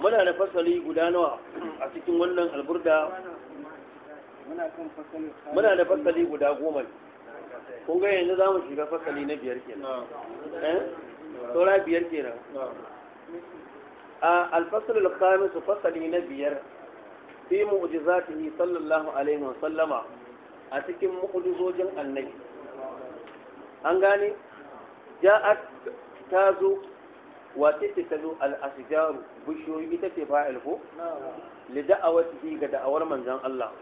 muna da fasali guda nawa a cikin wannan alburda muna da fasali guda goma kun ga yanzu za mu shiga fasali na biyar kenan eh? saura biyar kenan a alfasalul khamis fasali na biyar fi mu'jizatihi sallallahu alaihi wa sallama a cikin mu'jizojin annabi an gane ja'at ta zo wace ce ta zo al'ashijaru bishiyoyi ita ce fa'il ko li da'awatihi ga da'awar manzon Allah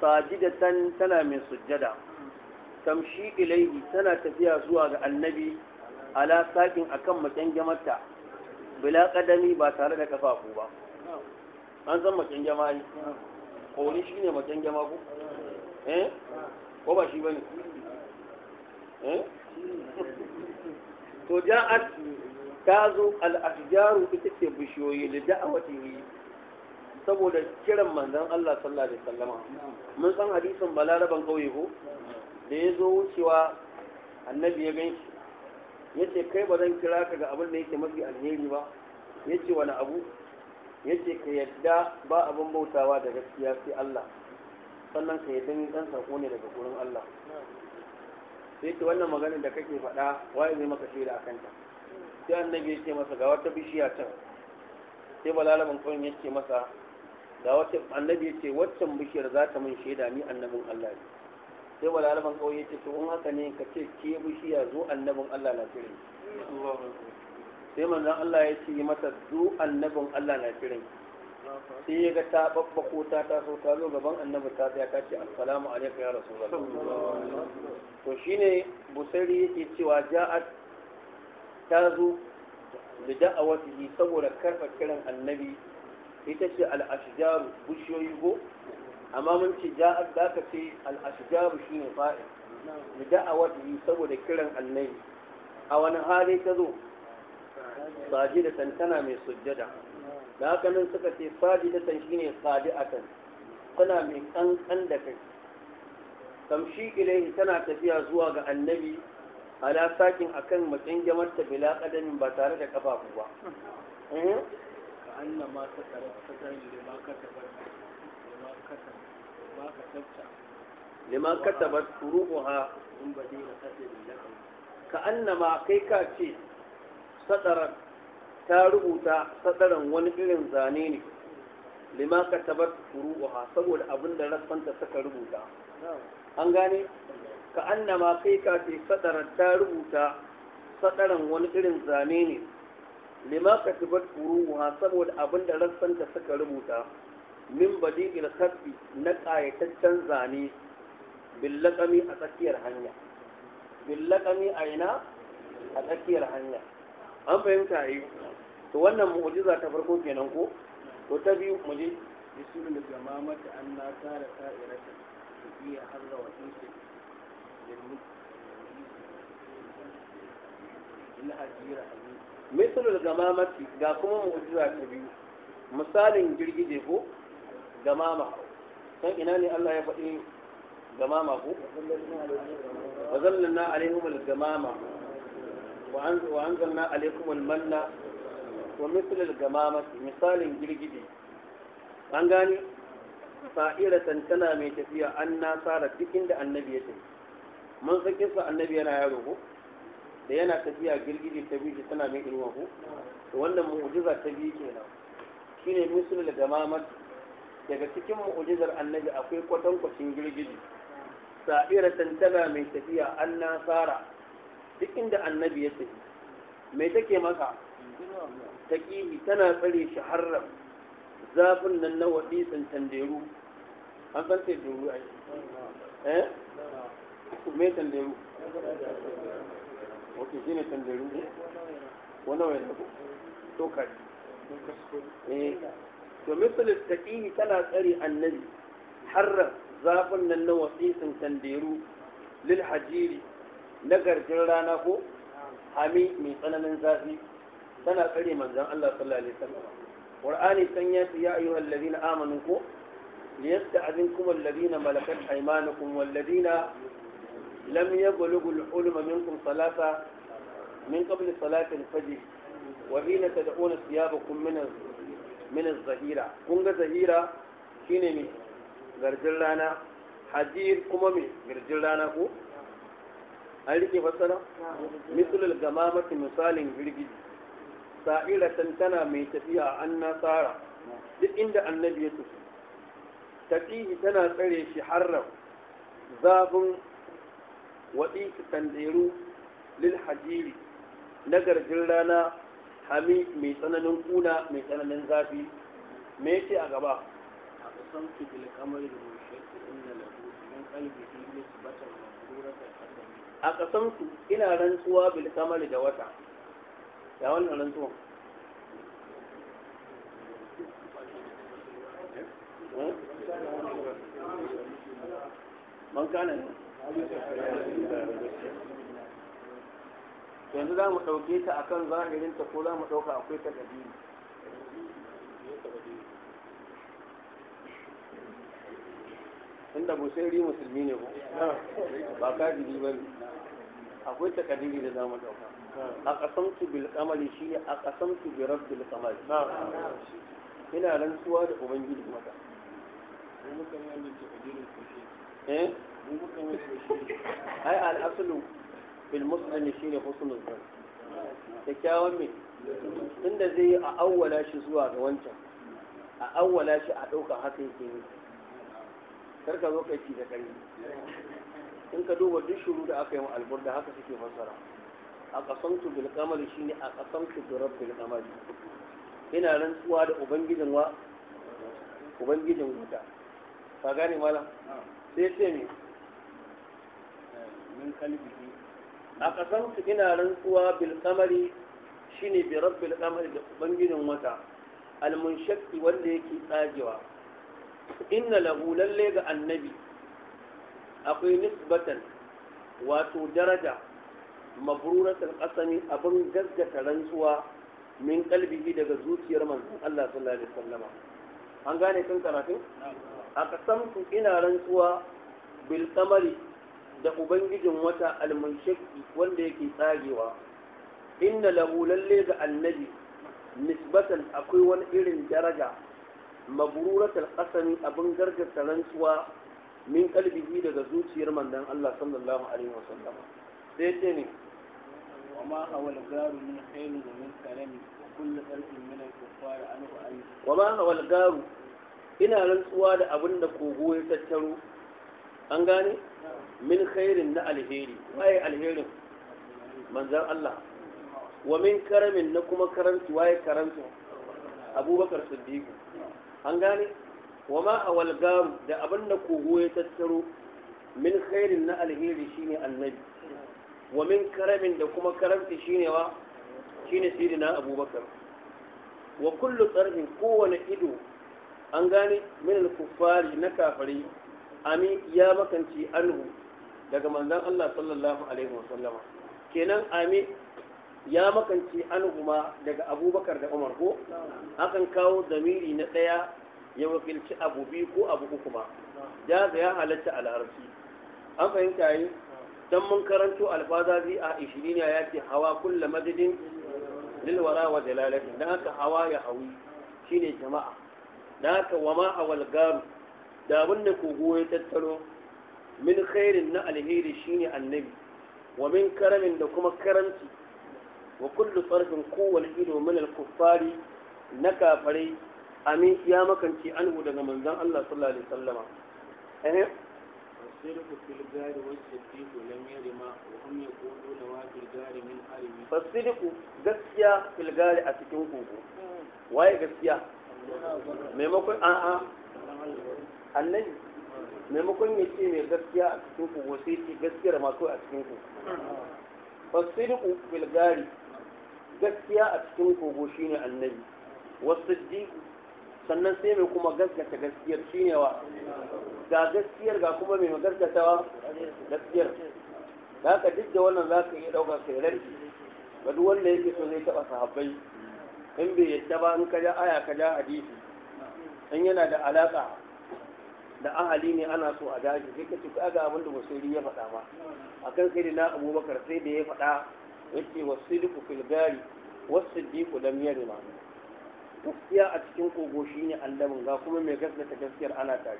sajidatan tana mai sujjada tamshi ilaihi tana tafiya zuwa ga annabi ala sakin akan makyangamarta bila kadami ba tare da kafafu ba an san makyangama ne kori shine makyangama ko eh ko ba shi bane eh to ja'at ta zo al'ajaru ita ce bishiyoyi da da'awatihi saboda kiran manzon Allah sallallahu alaihi wasallam mun san hadisin balaraban kauye ko da ya zo wucewa annabi ya gan shi ya ce kai ba zan kira ka ga abin da yake mafi alheri ba ya ce wani abu ya ce ka yadda ba abin bautawa da gaskiya sai Allah sannan ka yadda ni dan sako ne daga gurin Allah sai ce wannan maganar da kake faɗa waye zai maka shaida a kanta sai annabi ya ce masa ga wata bishiya can sai malalamin kawai ya ce masa ga wata annabi ya ce waccan bishiyar za ta min shaida ni annabin Allah ne sai malalamin kawai ya ce to in haka ne ka ce ke bishiya zo annabin Allah na firin sai manzon Allah ya ce masa zo annabin Allah na firin sai ya ga ta babbako ta taso ta zo gaban annabi ta tsaya ta ce assalamu alaikum ya rasulullah to shine busari yake cewa ja'at ta zo da da'awatihi saboda karfa kiran annabi ita ce al'ashijaru bushiyoyi ko amma mun ce za da ka ce al'ashijaru shi ne fa'il da da'awatihi saboda kiran annabi a wani hali ta zo saji da tantana mai sujjada da haka nan suka ce saji da tan shine saji atan tana mai kankan da kai Kamshi ilaihi tana tafiya zuwa ga annabi ala sakin akan matsayin jamar ta bila kadamin ba tare da kafafu ba Allah eh? ma ta tsare ta tsare da ma ka tabar ma ka tabar ma ka tabta lima katabat furuha in badina sadrin lakum ka annama kai ka ce sadarar ta rubuta sadaran wani irin zane ne lima katabat furuha saboda abin da rassanta suka rubuta an gane ka annama kai ka ce sadarar ta rubuta sadaran wani irin zane ne lima ka tibar kuruwa saboda abin da rassanta suka rubuta min badi ilkafi na ƙayataccen zane billakami a tsakiyar hanya billakami a ina a tsakiyar hanya an fahimta yi to wannan mu'ujiza ta farko kenan ko to ta biyu mu je bisu da gamamata an na tara ta'irata su iya harra wa misalul gamamati ga kuma mu'jiza ta biyu misalin girgije ko gamama san ina ne Allah ya faɗi gamama ko wa zallanna alaihim al-gamama wa anzalna alaikum al-manna wa misalul gamamati misalin girgije an gani sa'iratan tana mai tafiya an nasara duk inda annabi ya tafi mun san kisa annabi yana yaro ko da yana tafiya girgiji ta biyu tana mai inuwa ko to wannan mu'jiza ta biyu kenan shine misul da gamamat daga cikin mu'jizar annabi akwai kwatankwacin girgije Sa'ira tana mai tafiya an nasara duk inda annabi ya tafi mai take masa taqihi tana tsare shi harram zafin nan na wadi tsantanderu an san sai duru ai eh me tanderu ok shi ne tanderu ne wani wani abu to kai eh to misalin taƙini tana tsare annabi har zafin nan na wasisin tanderu lil hajiri na garjin rana ko hami mai tsananin zafi tana tsare manzan Allah sallallahu alaihi wasallam qur'ani san ya ce ya ayyuhal ladina amanu ko liyasta'zinkum alladina malakat aymanukum walladina lam yablughu al-ulma minkum salasa min qabl salati al-fajr wa hina tad'una thiyabakum min min az-zahira kun ga zahira shine mi garjin rana hadir kuma mi garjin rana ko an rike fassara mislul gamamati misalin girgiji sa'iratan tana mai tafiya an nasara duk inda annabi ya tana tsare shi harram zafin waɗi tandiru lil hajiri na garjin rana hami mai tsananin kuna mai tsananin zafi me yake a gaba a kusan su bil kamari da mushaki inna lahu min qalbihi nisbatan mabruratan qadami a kasan su ina rantsuwa bil kamar da wata ya wannan rantsuwa eh? eh? man kana ne yanzu za mu ɗauke ta akan ta ko za mu ɗauka akwai ta ƙadiri inda busairi musulmi ne ko ba kajiri ba ne akwai ta ƙadiri da za mu ɗauka a ƙasamtu bil kamali shi ne a ƙasamtu bi rabbil kamali ina rantsuwa da ubangiji mata eh ai al'asulu fil musulmi shine husnul zan kyakkyawan me tunda zai yi a awwala shi zuwa ga wancan a awwala shi a ɗaukar haka yake yi kar ka zo kai ci da kai in ka duba duk shuru da aka yi wa alburda haka suke fassara a kasantu bil shi shine a kasantu bi rabbil kamari ina rantsuwa da ubangijin wa ubangijin wuta ka gane malam sai ce me min qalbihi a kasantu ina rantsuwa bil shine bi rabbil qamari da ubangijin wata al munshaqi wanda yake tsagewa inna lahu lalle ga annabi akwai nisbatan wato daraja mabruratul qasami abin gaggata rantsuwa min kalbihi daga zuciyar manzon Allah sallallahu alaihi wasallam an gane kan karatu a kasamtu ina rantsuwa bil da ubangijin wata almunshaki wanda yake tsagewa inna lahu lalle ga annabi nisbatan akwai wani irin daraja mabruratul alqasami abin gargarta rantsuwa min kalbihi daga zuciyar mandan Allah sallallahu alaihi wasallam sai ce ne وما هو الجار من خير ومن كلام وكل خلق من الكفار عنه Wa ma hawal garu ina rantsuwa da abin da kogo ya tattaro an gane min khairin na alherin manzan Allah wa min karamin na kuma karanci waye karanci abubakar siddiqu an gane wa ma awal garu da abin da kogo ya tattaro min khairin na alheri shine annabi wa min karamin da kuma karanci shine wa shine abubakar wa kullu tsarfin kowane ido an gane min alkufari na kafari ami ya makanci anhu daga manzon Allah sallallahu alaihi wasallama kenan ami ya makanci anhu ma daga abubakar da umar ko akan kawo zamiri na ɗaya ya wakilci abu biyu ko abu uku ba ya ya halatta a an fahimta yi dan mun karanto alfazazi a ishirin ya ce hawa kulla madadin lilwara wa jalalati dan haka hawa ya hawi shine jama'a dan haka wama awal garu da abin da kogo ya tattaro min khairin na alheri shine annabi wa min karamin da kuma karanci wa kullu farfin kowane ido min alkufari na kafarai amin ya makance anhu daga manzan Allah sallallahu alaihi wasallama eh fasiriku gaskiya filgari a cikin kogo hmm. waye gaskiya maimakon a'a annabi maimakon ya ce mai gaskiya a cikin ku wasu ce gaskiyar masu a cikin ku fasiriku bilgari gaskiya a cikin shi ne annabi wasu sannan sai mai kuma gaskata gaskiyar shi ne wa ga gaskiyar ga kuma mai gaskatawa gaskiyar Za ka duk da wannan za ka iya ɗaukar sairar ga duk wanda yake so zai taɓa sahabbai in bai yadda ba in ka ja aya ka ja hadisi in yana da alaƙa da ahali ne ana so a dashi sai ka ci kaga abin da musairi ya faɗa ba kan sai da na abubakar sai da ya faɗa yake wasidiku fil gari wasiddiqu lam ma gaskiya a cikin kogo ne annabin ga kuma mai gaskata gaskiyar ana tare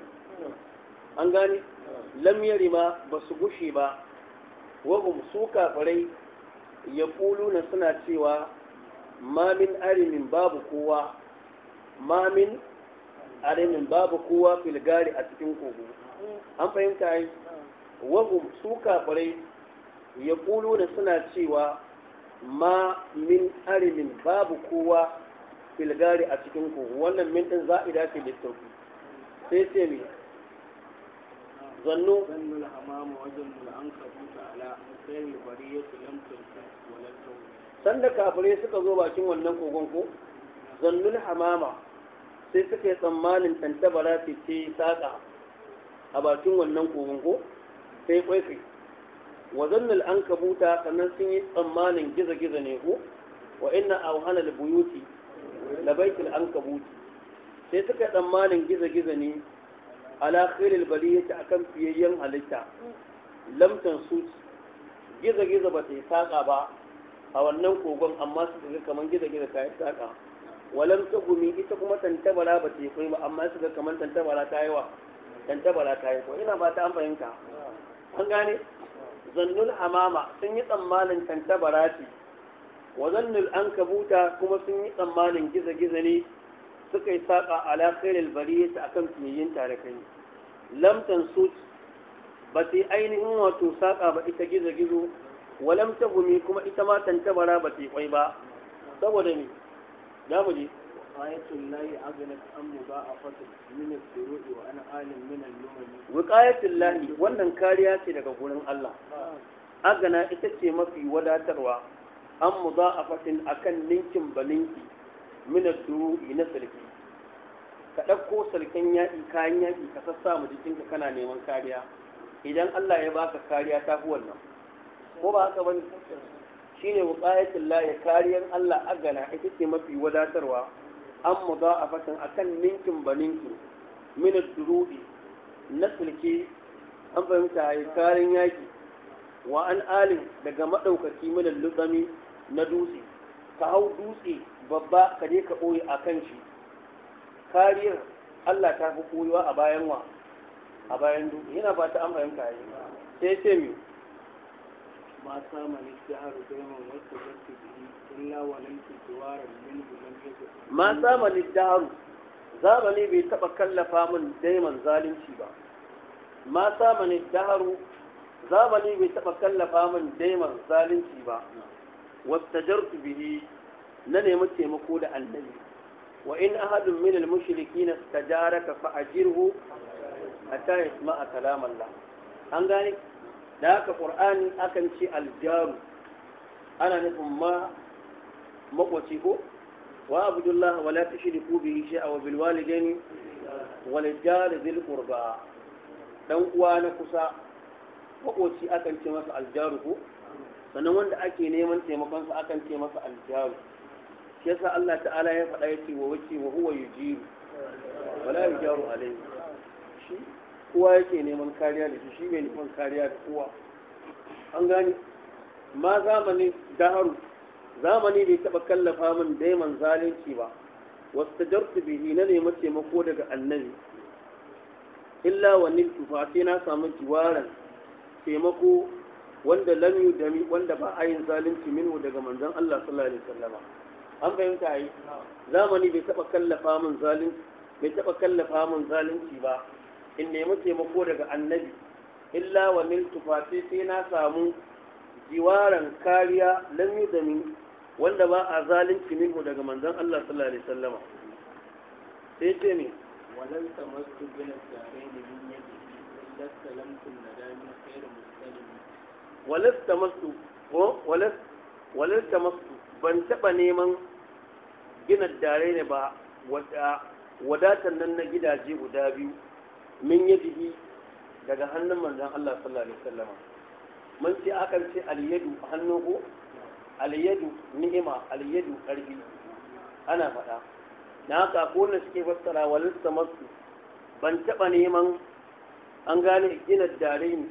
an gane lam ma ba su gushe ba wahum su kafirai ya na suna cewa mamin arimin babu kowa mamin harimin babu kowa filgari a cikin kogo an fahimta yi wahu su kafirai ya ƙulu da suna cewa ma min arimin babu kowa filgari a cikin kogo wannan min ɗin za a dace da littafi sai ce mai zannu zannu al'amama wajen mul'an kabuta ala sai bari ya tulamtar sanda kafirai suka zo bakin wannan kogon ko zannun hamama sai suka yi tsammanin tantabara su ce saƙa a bakin wannan kogon ko sai kai wazannal an kabuta sannan sun yi tsammanin giza-giza ne ko wa inna a wahalar buyuti labaitul an kabuti sai suka tsammanin giza-giza ne ala khairil a kan fiyayyen halitta lamtan su giza-giza ba ta yi saƙa ba a wannan kogon amma su kamar giza-giza ta yi saƙa walam ta gumi ita kuma tantabara ba ta yi ba amma suka kamar tantabara ta yi wa tantabara ta yi ina ba ta an fahimta an gane zannul hamama sun yi tsammanin tantabara ce wa zannul an kabuta kuma sun yi tsammanin giza-giza ne suka yi saƙa ala khairil bariyati akan fiyayyin kai lam tansut ba ta ainihin wato saƙa ba ita gizo-gizo walam ta gumi kuma ita ma tantabara ba ta yi kwai ba saboda ne na mu je ayatul lahi aghnat an mudha'afatin min as-suru'i wa an alim min al-lumani wiqayatul lahi wannan kariya ce daga gurin Allah ah. agana ita ce mafi wadatarwa an mudha'afatin akan ninkin balinki min as na sulki ka ɗauko sulkin yaƙi kayan yaƙi ka sassa mu jikinka kana neman kariya idan Allah ya baka kariya ta fi wannan ko ba haka bane shine wuqayatul lahi kariyan Allah agana ita ce mafi wadatarwa an mudha'afatan akan ninkin baninki min ad-durudi na sulke an fahimta yi karin yaki wa an alim daga madaukaki min al lutami na dutse ka hau dutse babba ka je ka boye akan shi kariyar Allah ta fi koyuwa a bayan wa a bayan dutse yana ba ta an fahimta yi sai sai mu ما سام الدهر ديما واستجبت به zamani bai taɓa kallafa min daiman zalunci ba ma samani daharu zamani bai taɓa kallafa min daiman zalunci ba wastajartu bihi na nemi taimako da annabi wa in ahadun min al-mushrikin istajaraka fa ajirhu hatta yasma'a kalam Allah an gane da haka ƙur'ani akan ce aljaru ana nufin ma makwaci ko wa abdullahi wala tushriku bihi shay'a a bil walidaini wal jari dhil qurba dan uwa na kusa makwaci akan ce masa aljaru ko sannan wanda ake neman taimakon sa akan ce masa aljaru shi yasa Allah ta'ala ya faɗa yace wa waki wa huwa yujiru wala yujaru alayhi shi kowa yake neman kariya da shi shi mai neman kariya da kowa an gani ma zamanin daharu zamani bai taɓa kallafa min daiman zalunci ba wasu jartu bihi na neman taimako daga annabi illa wani tufa sai na samu jiwaran taimako wanda lam dami wanda ba a yin zalunci minu daga manzon Allah sallallahu alaihi wasallama an fahimta zamani bai taɓa kallafa min zalunci bai taɓa kallafa min zalunci ba in nemi taimako daga annabi illa wa min tufafi sai na samu jiwaran kariya lam yudami wanda ba a zalunci minhu daga manzon Allah sallallahu alaihi wasallama sai ce ne walan tamattu bin sarai da min yadi illa salamtu walas tamastu ko walas walas tamastu ban taba neman gina dare ne ba wadatan nan na gidaje guda biyu min yadihi daga hannun manzon Allah sallallahu alaihi wasallam mun ce akan ce al-yadu hannu ko al ni'ima al-yadu karbi ana faɗa na haka ko ne suke fassara walista masu ban taɓa neman an gane gina dare ne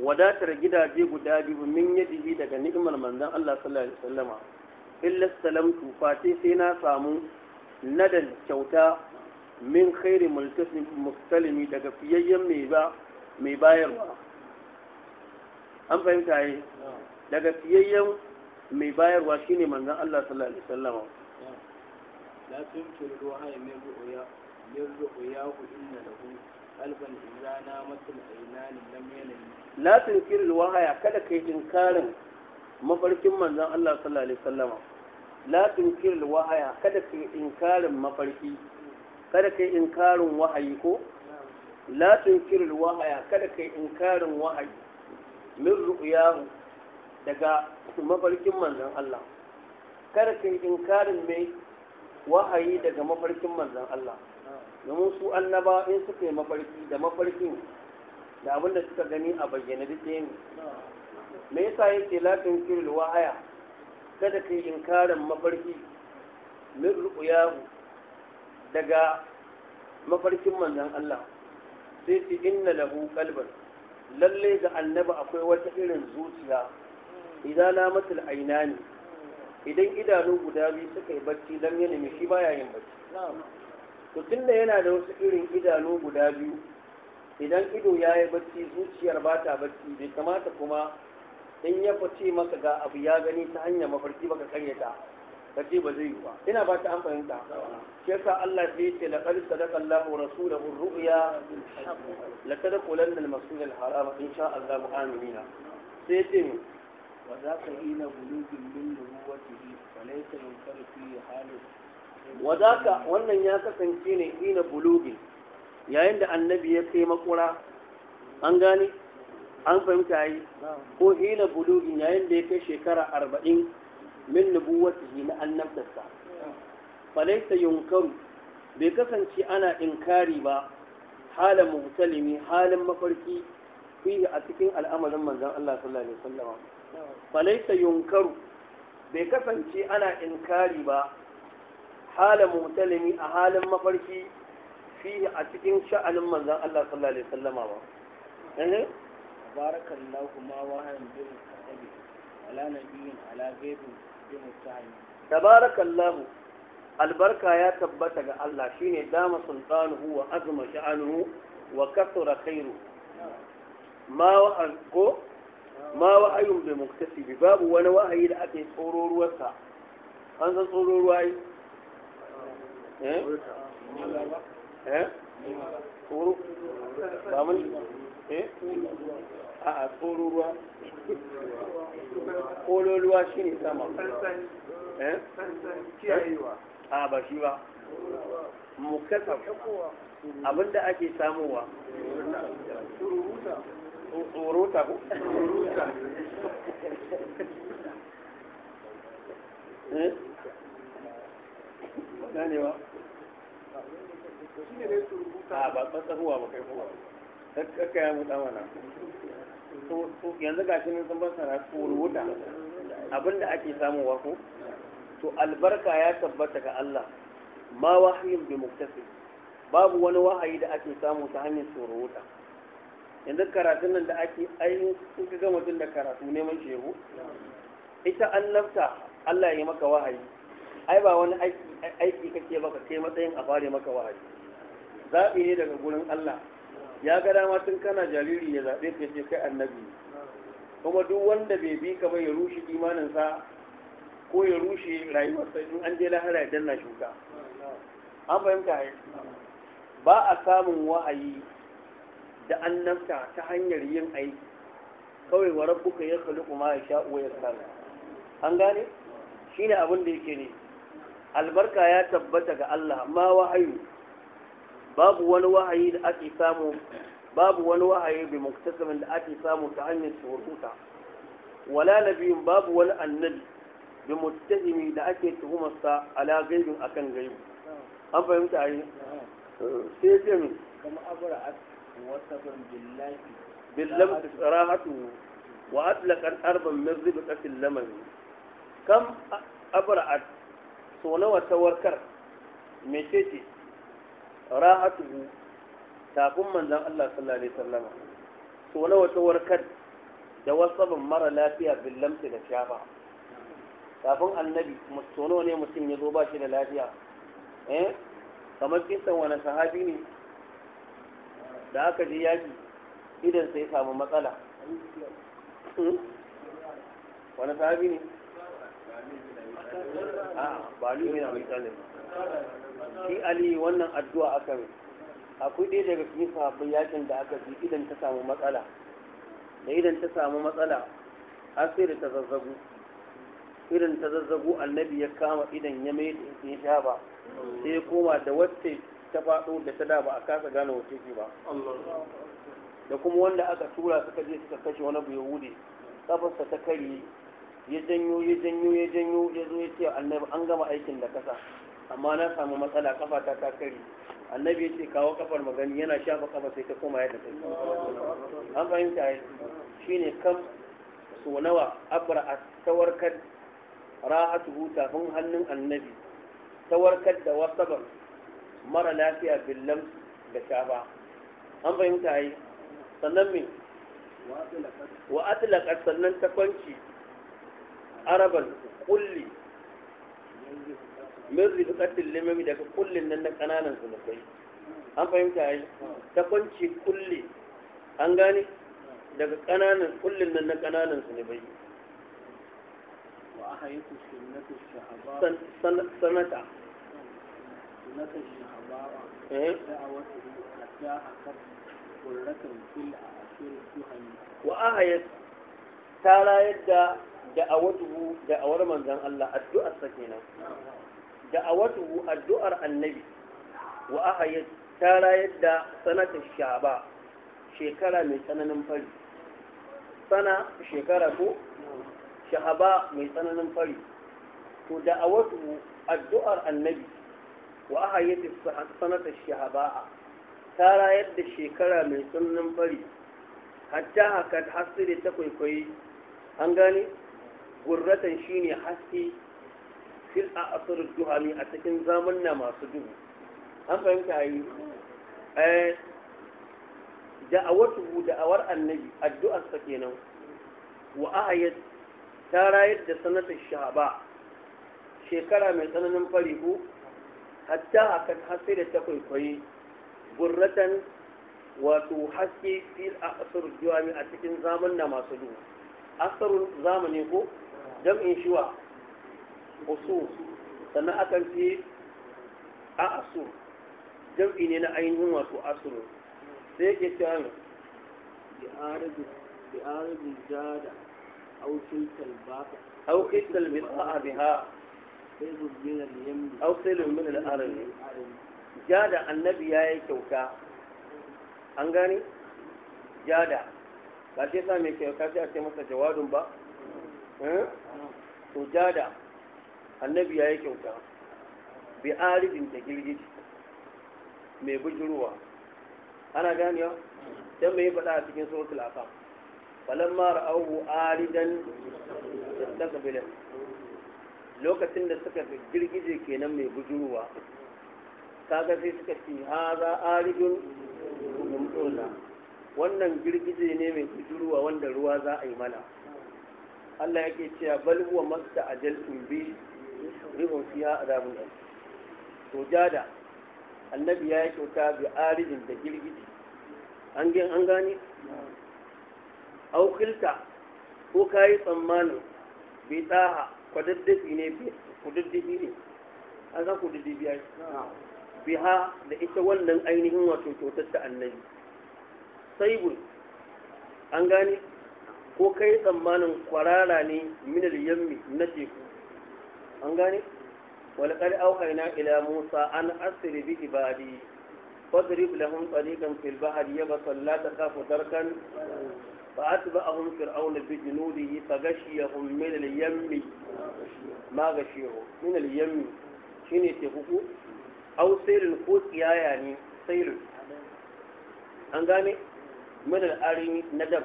wadatar gidaje guda biyu min yadihi daga ni'imar manzon Allah sallallahu alaihi wasallama illa salamtu fati sai na samu nadan kyauta min khairi mustalimi daga fiyayyen mai ba mai bayarwa an fahimta yi daga fiyayyen mai bayarwa shine manzon Allah sallallahu alaihi wasallam la tumkir ruha min ru'ya min ru'ya inna lahu qalban idza namat al-aynan lam yanam la tunkir al-wahaya kada kai inkarin mafarkin manzon Allah sallallahu alaihi wasallam la tunkir al-wahaya kada kai inkarin mafarki kada kai inkarin wahayi ko la tunkirul wahaya kada kai inkarin wahayi min ru'yahu daga mafarkin manzon Allah kada kai inkarin mai wahayi daga mafarkin manzon Allah domin su annaba in suka yi mafarki da mafarkin da abin da suka gani a bayyana duk ɗaya ne me yasa yake la tunkirul wahaya kada kai inkarin mafarki min ru'yahu daga mafarkin manzan Allah sai ce inna lahu kalban lalle ga annaba akwai wata irin zuciya idan matul ainani idan idanu guda biyu suka yi bacci dan ya nemi shi baya yin bacci to tunda yana da wasu irin idanu guda biyu idan ido ya yi bacci zuciyar ba ta bacci bai kamata kuma in ya fice maka ga abu ya gani ta hanyar mafarki baka karyata kace ba zai yi ba ina ba ta an fahimta shi yasa Allah ya ce laqad sadaqa Allahu rasulahu ar-ru'ya latadkhulanna al-masjid al-haram insha Allah mu'minina sai ce ne wa za ka hina bulugin min nubuwatihi falaysa min farfi halin wa za ka wannan ya kasance ne ina bulugin yayin da annabi ya kai makura an gane an fahimta yi ko hina bulugin yayin da ya kai shekara arba'in min nubuwatihi na annabtarsa falaita yunkaru bai kasance ana inkari ba halin mutalimi halin mafarki fiye a cikin al'amarin manzon Allah sallallahu alaihi wasallam falaita yunkaru bai kasance ana inkari ba halin mutalimi a halin mafarki fiye a cikin sha'anin manzon Allah sallallahu alaihi wasallam ba eh? barakallahu ma wahan bil kadabi ala nabiyyin ala ghaibin tabarakallahu albarka ya tabbata ga Allah shine dama sultanuhu wa azma sha'anuhu wa kasura khairu ma wa ko ma wa ayyun bi muktasibi babu wani wahayi da ake tsoro ruwarsa an san tsoro ruwa yi eh? eh tsoro ba mun eh a tsoruruwa ƙololuwa shi ne sama eh? a eh? ba shi ba mukasa abinda ake samowa tsorota ko eh? ganewa a ba tsahuwa ba kai kuwa kakka ya mutu mana yanzu ga shi sun su wuta abinda ake samun wako to albarka ya tabbata ga Allah ma wahayin bi muktasi babu wani wahayi da ake samu ta hanyar wuta. yanzu karatun nan da ake ainihin sun ka ga mutum da karatu neman shehu ita annabta Allah ya maka wahayi ai ba wani aiki kake baka kai matsayin a fare maka wahayi zaɓi ne daga gurin Allah ya ga dama tun kana jariri ya zaɓe ka ce kai annabi kuma duk wanda bai bi ka ba ya rushe imaninsa ko ya rushe rayuwarsa in an je lahara ya danna shuka an fahimta ya ba a samun wa'ayi da annabta ta hanyar yin aiki kawai wa rabbuka ya khaliqu uwa ya sa an gane shine abin da yake ne albarka ya tabbata ga Allah ma wahayu babu wani wahayi da ake samu babu wani wahayi bi muktasamin da ake samu ta hanyar surututa wala nabiyin babu wani annabi bi muttahimi da ake tuhumarsa ala gaibin akan gaibi an fahimta yi sai ce min kama abra wasafin billahi billam tsarahatu wa atlaqat arban min kafin lamari. kam abra'at so nawa tawarkar mecece rahatuhu tafin manzon Allah sallallahu alaihi wasallam so na wata warkar da wasabin mara lafiya billamta da shafa kafin annabi mustono ne mutum ya zo ba shi da lafiya eh kamar kisan wani sahabi ne da aka ji yaki idan sai samu matsala hmm? wani sahabi ne ba ni na mai tsanin shi ali wannan addu'a aka yi akwai ɗaya daga cikin sahabbai yakin da aka ji idan ta samu matsala da idan ta samu matsala har sai da ta zazzagu irin ta zazzagu annabi ya kama idan ya mai da ya sha ba sai ya koma da wacce ta faɗo da ta da ba a kasa gane wacce ke ba da kuma wanda aka tura suka je suka kashe wani bu yahudi kafarsa ta karye ya janyo ya janyo ya janyo ya zo ya ce annabi an gama aikin da kasa amma na samu matsala kafa ta ta kare annabi ya ce kawo kafar magani yana shafa kafa sai ta koma yadda ta an fahimta ya shine kam so nawa abra a tawarkar rahatuhu tafin hannun annabi tawarkar da wasabar mara lafiya billam da shafa an fahimta ya sannan min wa atlaqat sannan ta kwanci araban kulli min rifiƙatin limami daga kullin nan na ƙananan zunubai an fahimta yi ta kwanci kulli an gane daga ƙananan kullin nan na ƙananan zunubai sanata eh? wa ahayat ta yadda da da'awatuhu da'awar manzon Allah addu'ar sa kenan da'awatuhu addu'ar annabi wa aka yi tara yadda sanatar shaba shekara mai tsananin fari sana shekara ko shahaba mai tsananin fari to da'awatuhu addu'ar annabi wa aka yi sanatar shahaba tara yadda shekara mai tsananin fari hatta haka hasiri ta kwaikwayi an gane gurratan shine haske fil a asar duhami a cikin zaman na masu duhu an fahimta yi eh, da awar annabi addu'arsa kenan wa ahayat ta rayar da sanata shahaba shekara mai tsananin fari ko hatta haka haske da ta kwaikwayi gurratan wato haske fil a asar duhami a cikin zaman na masu duhu asarun zamani ko jam'in shiwa usus sannan akan ce a asur jam'i ne na ainihin wato asuru sai yake cewa bi arabin jada au kiltal baka au kiltal biha au sailun min al jada annabi ya yi kyauta an gani? jada ba sai sa mai kyauta sai a ce masa jawadun ba eh? ah. to jada annabi ya yi kyauta bi aridin da girgiji mai bujurwa ana ganiya dan mai faɗa a cikin auhu afam falamma suka aridan yastaqbilan lokacin da suka ga girgije kenan mai bujurwa kaga sai suka ce haza aridun mumtuna wannan girgije ne mai bujurwa wanda ruwa za a yi mana Allah yake cewa bal huwa masta ajaltum bi rihun fiha azabun alim to jada annabi ya yi kyauta bi arijin da girgiji an gin an gane aukilta ko ka yi tsammanin bai tsaha kwadaddafi ne kududdufi ne an san kududdufi ya biha da ita wannan ainihin wato kyautar ta annabi saibul an gane ko ka yi tsammanin kwarara ne minal yammi na teku an gane walƙar auhaina ila musa an asiri bi ibadi fadrib lahum tariqan fil bahri yabasa la takhafu darkan fa atba'ahum fir'aun bi junudihi fagashiyahum min al yammi ma gashiyahum min al yammi shine ce yani an gane min al arimi nadab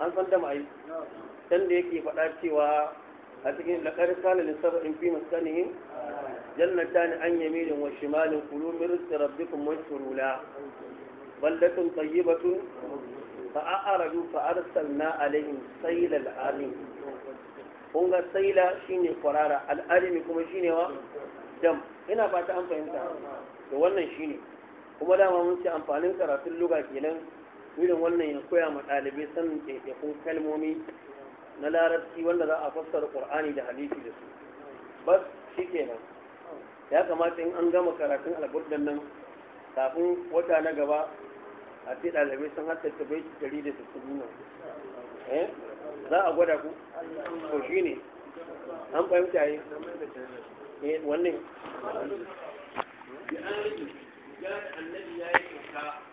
an san da mai dan da yake faɗa cewa a cikin laƙar kana lissafa in fi maskanihim jannata ni an yamirin wa shimalin kulu min rizqi rabbikum washkurula baldatun tayyibatun fa a'radu fa arsalna alaihim sayla al'alim kun ga sayla shine kwarara al'alimi kuma shine wa dam ina fata an fahimta to wannan shine kuma dama mun ce amfanin karatun luga kenan irin wannan ya koya ma ɗalibai sanin ɗaiɗaikun kalmomi na larabci wanda za a fassara qur'ani da hadisi da su bas kenan. ya kamata in an gama karatun alburdan nan kafin wata na gaba a ce ɗalibai sun haddata bai ɗari da sittin nan eh? za a gwada ku ko shi ne an fahimta yi eh, wannan ya annabi ya yi kyauta